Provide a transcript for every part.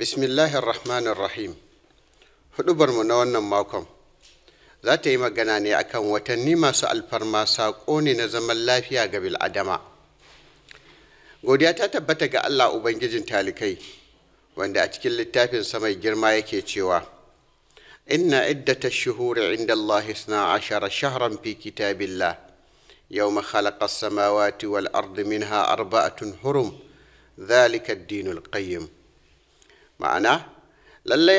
bismillahir rahmanir rahim mu na wannan makon za ta yi magana ne akan watanni masu alfarma saƙo ne na zaman lafiya ga bil'adama godiya ta tabbata ga allah ubangijin talikai wanda a cikin littafin mai girma yake cewa inna iddata shuhuri inda allah isna ashara shahran fi kitabillah yawma khalaqa samawati wal ardi minha arba'atun hurum dhalika ad-dinul qayyim ma'ana lallai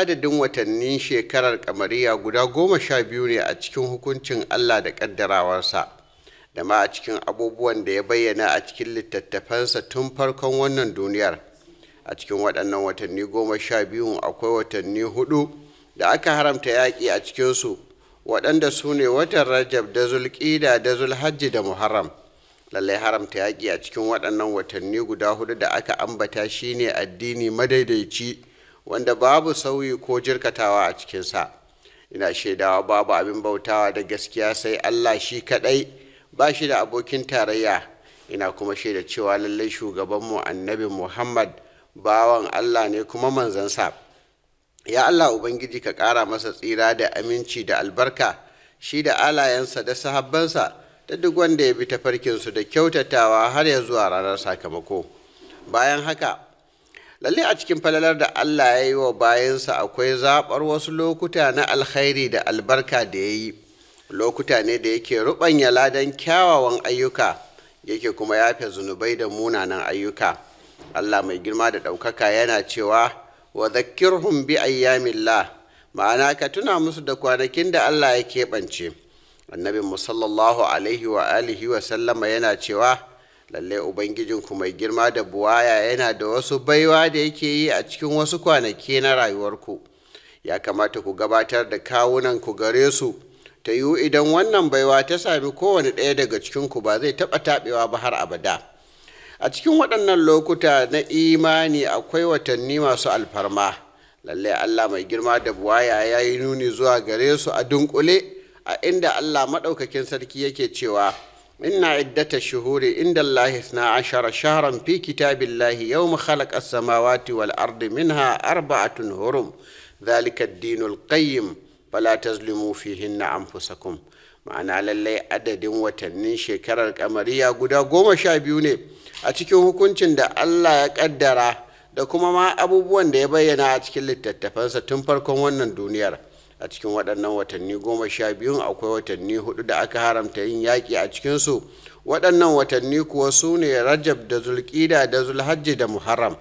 adadin watannin shekarar kamariya guda goma sha biyu ne a cikin hukuncin allah da ƙaddarawarsa da ma a cikin abubuwan da ya bayyana a cikin littattafansa tun farkon wannan duniyar a cikin waɗannan watanni goma sha biyu akwai watanni hudu da aka haramta yaƙi a cikinsu waɗanda su ne watan rajab da zulƙida da zulhajji da muharram lallai haramta yaƙi a cikin waɗannan watanni guda hudu da aka ambata shine addini madaidaici wanda babu sauyi ko jirkatawa a cikinsa ina shaidawa babu abin bautawa da gaskiya sai allah shi kaɗai ba shi da abokin tarayya ina kuma shaida cewa lallai shugabanmu annabi muhammad bawan allah ne kuma manzansa ya allah ubangiji ka kara masa tsira da aminci da albarka shi da alayensa da sahabbansa Ta duk wanda ya bi ta su da kyautatawa har ya zuwa ranar sakamako bayan haka lalle a cikin falalar da Allah ya yi wa bayansa akwai zaɓar wasu lokuta na alkhairi da albarka da ya yi lokuta ne da yake ruɓanya ladan kyawawan ayyuka yake kuma yafe zunubai da munanan ayyuka Allah mai girma da ɗaukaka yana cewa wa zakkirhum bi ayyamillah ma'ana ka tuna musu da kwanakin da Allah ya keɓance annabin mu sallallahu alaihi wa alihi wa sallama yana cewa lalle ku mai girma da buwaya yana da wasu baiwa da yake yi a cikin wasu kwanaki na rayuwarku ya kamata ku gabatar da kawunan ku gare su ta yiwu idan wannan baiwa ta sami kowane ɗaya daga cikin ku ba zai taɓa taɓewa ba har abada a cikin waɗannan lokuta na imani akwai watanni masu alfarma lallai allah mai girma da buwaya ya yi nuni zuwa gare su a dunkule a inda Allah maɗaukakin sarki yake cewa inna iddata shuhuri inda Allah na ashara shaharan fi kitabillahi yau khalaqa as-samawati wal ardi minha arba'atun hurum dhalika ad-dinul qayyim fala tazlimu fihinna anfusakum ma'ana lallai adadin watannin shekarar kamariya guda goma sha biyu ne a cikin hukuncin da Allah ya kaddara da kuma ma abubuwan da ya bayyana a cikin littattafansa tun farkon wannan duniyar a cikin waɗannan watanni goma sha biyun akwai watanni hudu da aka haramta yin yaƙi a cikinsu waɗannan watanni kuwa su ne rajab da zulƙida da zulhajji da muharram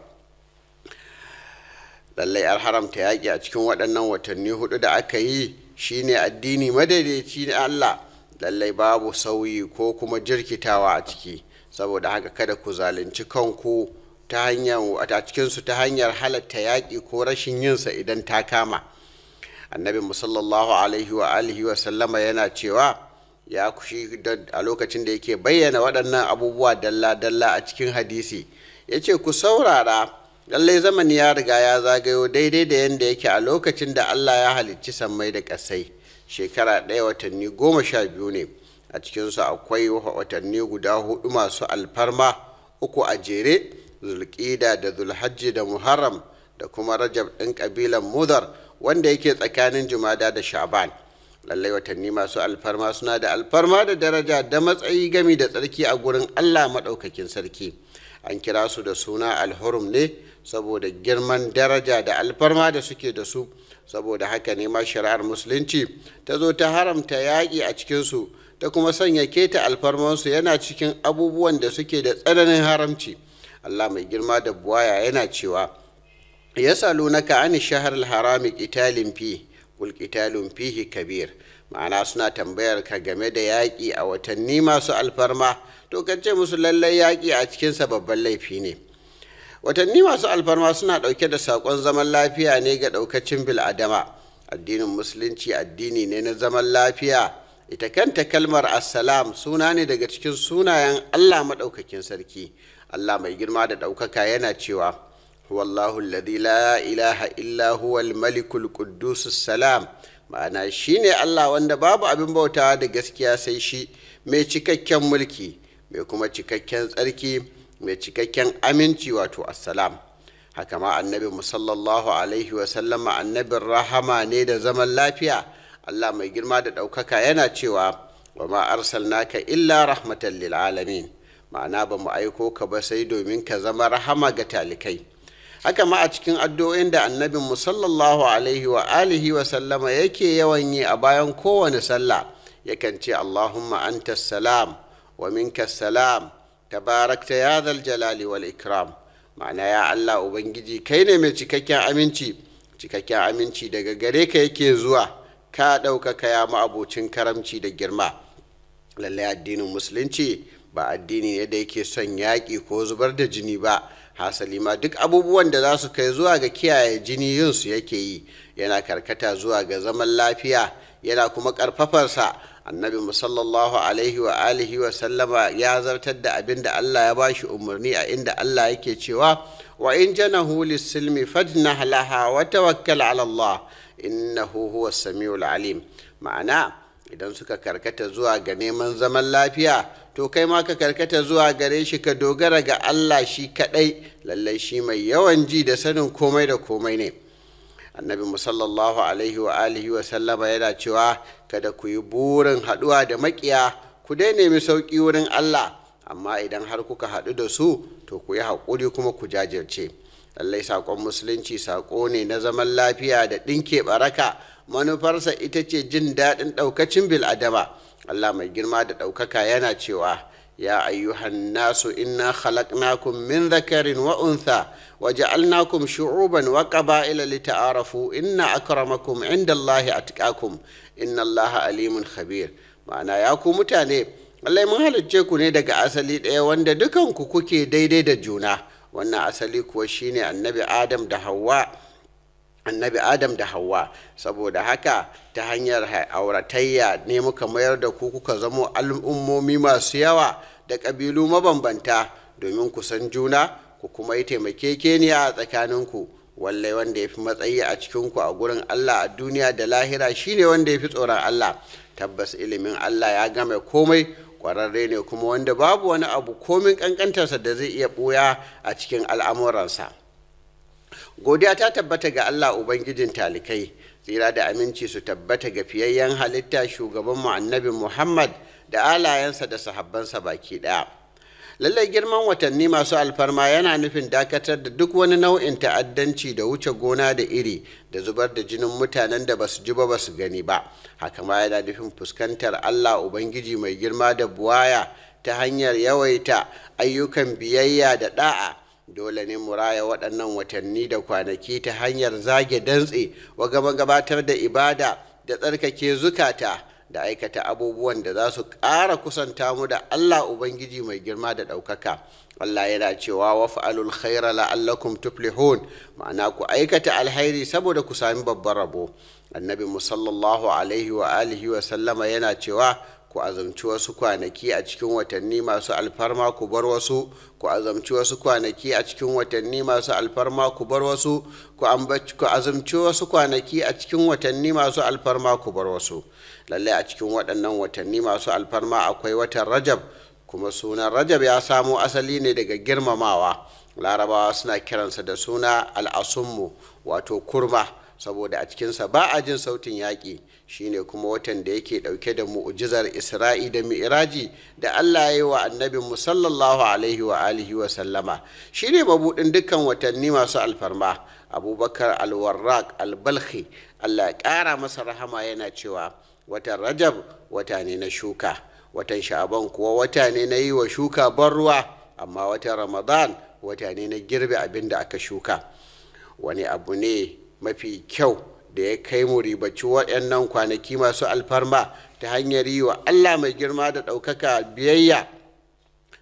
lallai an haramta yaƙi a cikin waɗannan watanni hudu da aka yi shine addini madaidaici na allah lallai babu sauyi ko kuma jirkitawa a ciki saboda haka kada ku zalunci kanku ta hanyar a cikinsu ta hanyar halatta yaƙi ko rashin yinsa idan ta kama annabi musallallahu alaihi wa alihi wa sallama yana cewa ya kushi a lokacin da yake bayyana waɗannan abubuwa dalla-dalla a cikin hadisi ya ce ku saurara lallai zamani ya riga ya zagayo daidai da yadda yake a lokacin da allah ya halicci sammai da ƙasai shekara ɗaya watanni goma sha biyu ne a cikinsu akwai watanni guda hudu masu alfarma uku a jere zulƙida da zulhajji da muharram da kuma rajab ɗin ƙabilan mudar wanda yake tsakanin jumada da sha'ban lallai watanni masu alfarma suna da alfarma da daraja da matsayi gami da tsarki a gurin allah maɗaukakin sarki an kira su da suna alhurum ne saboda girman daraja da alfarma da suke da su saboda haka ne ma shari'ar musulunci ta zo ta haramta yaƙi a cikinsu ta kuma sanya keta alfarmansu yana cikin abubuwan da suke da tsananin haramci allah mai girma da buwaya yana cewa yasalunaka ani shahar harami qitalin fi kul qitalun fihi kabir ma'ana suna tambayar ka game da yaƙi a watanni masu alfarma to kace musu lallai yaƙi a cikin sa babban laifi ne watanni masu alfarma suna ɗauke da saƙon zaman lafiya ne ga ɗaukacin bil'adama addinin musulunci addini ne na zaman lafiya ita kanta kalmar assalam suna ne daga cikin sunayen allah maɗaukakin sarki allah mai girma da ɗaukaka yana cewa هو الله الذي لا إله إلا هو الملك ma'ana shi ne Allah wanda babu abin bauta da gaskiya sai shi mai cikakken mulki mai kuma cikakken tsarki mai cikakken aminci wato assalam haka ma annabi musallallahu alaihi wasallama annabin rahama ne da zaman lafiya Allah mai girma da ɗaukaka yana cewa wa ma arsalnaka illa rahmatan lil ma'ana ba mu aiko ka ba sai domin ka zama rahama ga talikai haka ma a cikin addu'o'in da annabin mu sallallahu alaihi wa alihi wa sallama yake yawan yi a bayan kowane sallah yakan ce Allahumma anta salam wa minka salam tabarakta ya zal jalali wal ikram ma'ana ya Allah ubangiji kai ne mai cikakken aminci cikakken aminci daga gare ka yake zuwa ka ɗaukaka ya ma'abocin karamci da girma lallai addinin musulunci ba addini ne da yake son yaƙi ko zubar da jini ba hasali ma duk abubuwan da za su kai zuwa ga kiyaye jini yinsu yake yi yana karkata zuwa ga zaman lafiya yana kuma ƙarfafarsa annabi musallallahu alaihi wa alihi wa sallama ya zartar da abin da allah ya bashi umarni a inda allah yake cewa wa in janahu lisilmi fajnah laha wa tawakkal ala allah innahu huwa samiul alim ma'ana idan suka karkata zuwa ga neman zaman lafiya to kai ma ka karkata zuwa gare shi ka dogara ga Allah shi kadai lallai shi mai yawan ji da sanin komai da komai ne annabi musallallahu alaihi wa alihi wa sallama yana cewa kada ku yi burin haɗuwa da makiya ku dai nemi sauƙi wurin Allah amma idan har kuka haɗu da su to ku yi haƙuri kuma ku jajirce lallai saƙon musulunci saƙo ne na zaman lafiya da ɗinke baraka manufarsa ita ce jin daɗin ɗaukacin bil'adama Allah mai girma da ɗaukaka yana cewa ya ayyuhan nasu inna khalaqnakum min zakarin wa untha wa ja'alnakum shu'uban wa qaba'ila lita'arafu inna akramakum indallahi atqakum inna allaha alimun khabir ma'ana ya ku mutane Allah mun halicce ku ne daga asali ɗaya wanda dukanku kuke daidai da juna wannan asali kuwa shine annabi Adam da Hawwa annabi adam da hawa saboda haka ta hanyar auratayya ne muka mayar da ku kuka zamo al'ummomi masu yawa da ƙabilu mabambanta domin ku san juna ku kuma yi taimakekeniya a tsakaninku wallai wanda ya fi matsayi a cikinku a gurin allah a duniya da lahira shine wanda ya fi tsoron allah tabbas ilimin allah ya game komai kwararre ne kuma wanda babu wani abu komin kankantarsa da zai iya ɓoya a cikin al'amuransa. godiya ta tabbata ga allah ubangijin talikai tsira da aminci su tabbata ga fiyayyen halitta shugaban mu annabi muhammad da alayensa da sahabbansa baki daya lallai girman watanni masu alfarma yana nufin dakatar da duk wani nau'in ta'addanci da wuce gona da iri da zubar da jinin mutanen da basu ji ba basu gani ba haka ma yana nufin fuskantar allah ubangiji mai girma da buwaya ta hanyar yawaita ayyukan biyayya da da'a dole ne mu raya waɗannan watanni da kwanaki ta hanyar zage dantse wa gaba gabatar da ibada da tsarkake zukata da aikata abubuwan da za su ƙara kusanta mu da Allah Ubangiji mai girma da ɗaukaka. Allah yana cewa wa fa'alul khaira la'allakum tuflihun ma'ana ku aikata alhairi saboda ku sami babban rabo. Annabi musallallahu alaihi wa alihi wa sallama yana cewa ku azumci wasu kwanaki a cikin watanni masu alfarma ku bar wasu ku azumci wasu kwanaki a cikin watanni masu alfarma ku bar wasu ku azumci wasu kwanaki a cikin watanni masu alfarma ku bar wasu lallai a cikin waɗannan watanni masu alfarma akwai watan rajab kuma sunan rajab ya samo asali ne daga girmamawa larabawa suna kiransa da suna al'asunmu, wato kurma saboda a cikinsa ba a jin sautin yaƙi shine kuma watan da yake ɗauke da mu'ujizar isra'i da mi'iraji da allah ya yi wa annabin musallallahu alaihi wa alihi wa sallama shine mabuɗin dukkan watanni masu alfarma abubakar alwarraq albalhi allah ya ƙara masa rahama yana cewa watan rajab wata ne na shuka watan sha'aban kuwa wata ne na yi wa shuka ban ruwa amma watan ramadan wata ne na girbe abin da aka shuka wani abu ne mafi kyau da ya kai mu ribaci waɗannan kwanaki masu alfarma ta hanyar yi wa Allah mai girma da ɗaukaka biyayya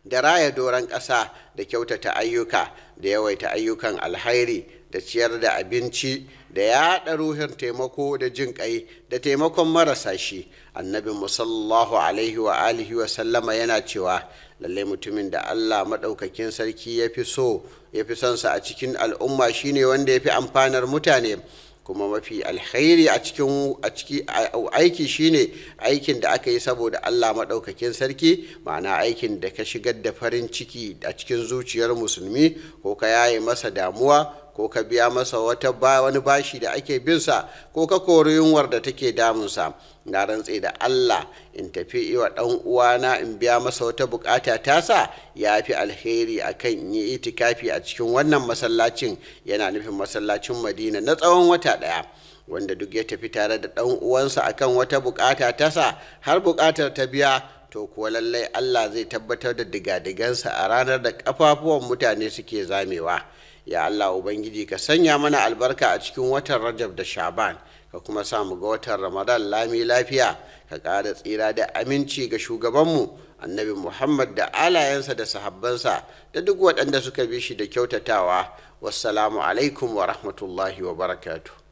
da raya doron ƙasa da kyautata ayyuka da yawaita ayyukan alhairi da ciyar da abinci da yaɗa ruhin taimako da jin ƙai da taimakon marasa shi annabin musallahu alaihi wa alihi wa sallama yana cewa lalle mutumin da Allah maɗaukakin sarki ya fi so ya fi son sa a cikin al'umma shine wanda ya fi amfanar mutane kuma mafi alkhairi a cikin aiki shi aiki shine aikin da aka yi saboda Allah maɗaukakin sarki ma'ana aikin da ka shigar da farin ciki a cikin zuciyar musulmi ko ka yaye masa damuwa ko ka biya masa wata wani bashi da ake binsa ko ka kori yunwar da take damunsa na rantse da Allah in tafi iwa ɗan uwana in biya masa wata bukata tasa ya fi alheri a akan yi itikafi a cikin wannan masallacin yana nufin masallacin Madina na tsawon wata ɗaya wanda duk ya tafi tare da ɗan uwansa kan wata bukata tasa har bukatar ta biya to kuwa lallai Allah zai tabbatar da digadigansa a ranar da kafafuwan mutane suke zamewa ya Allah Ubangiji ka sanya mana albarka a cikin watan Rajab da Shaban ka kuma sa mu ga watan ramadan lami lafiya ka ƙara tsira da aminci ga shugabanmu annabi muhammad da alayensa da sahabbansa da duk waɗanda suka bi shi da kyautatawa wassalamu alaikum wa rahmatullahi wa barakatuh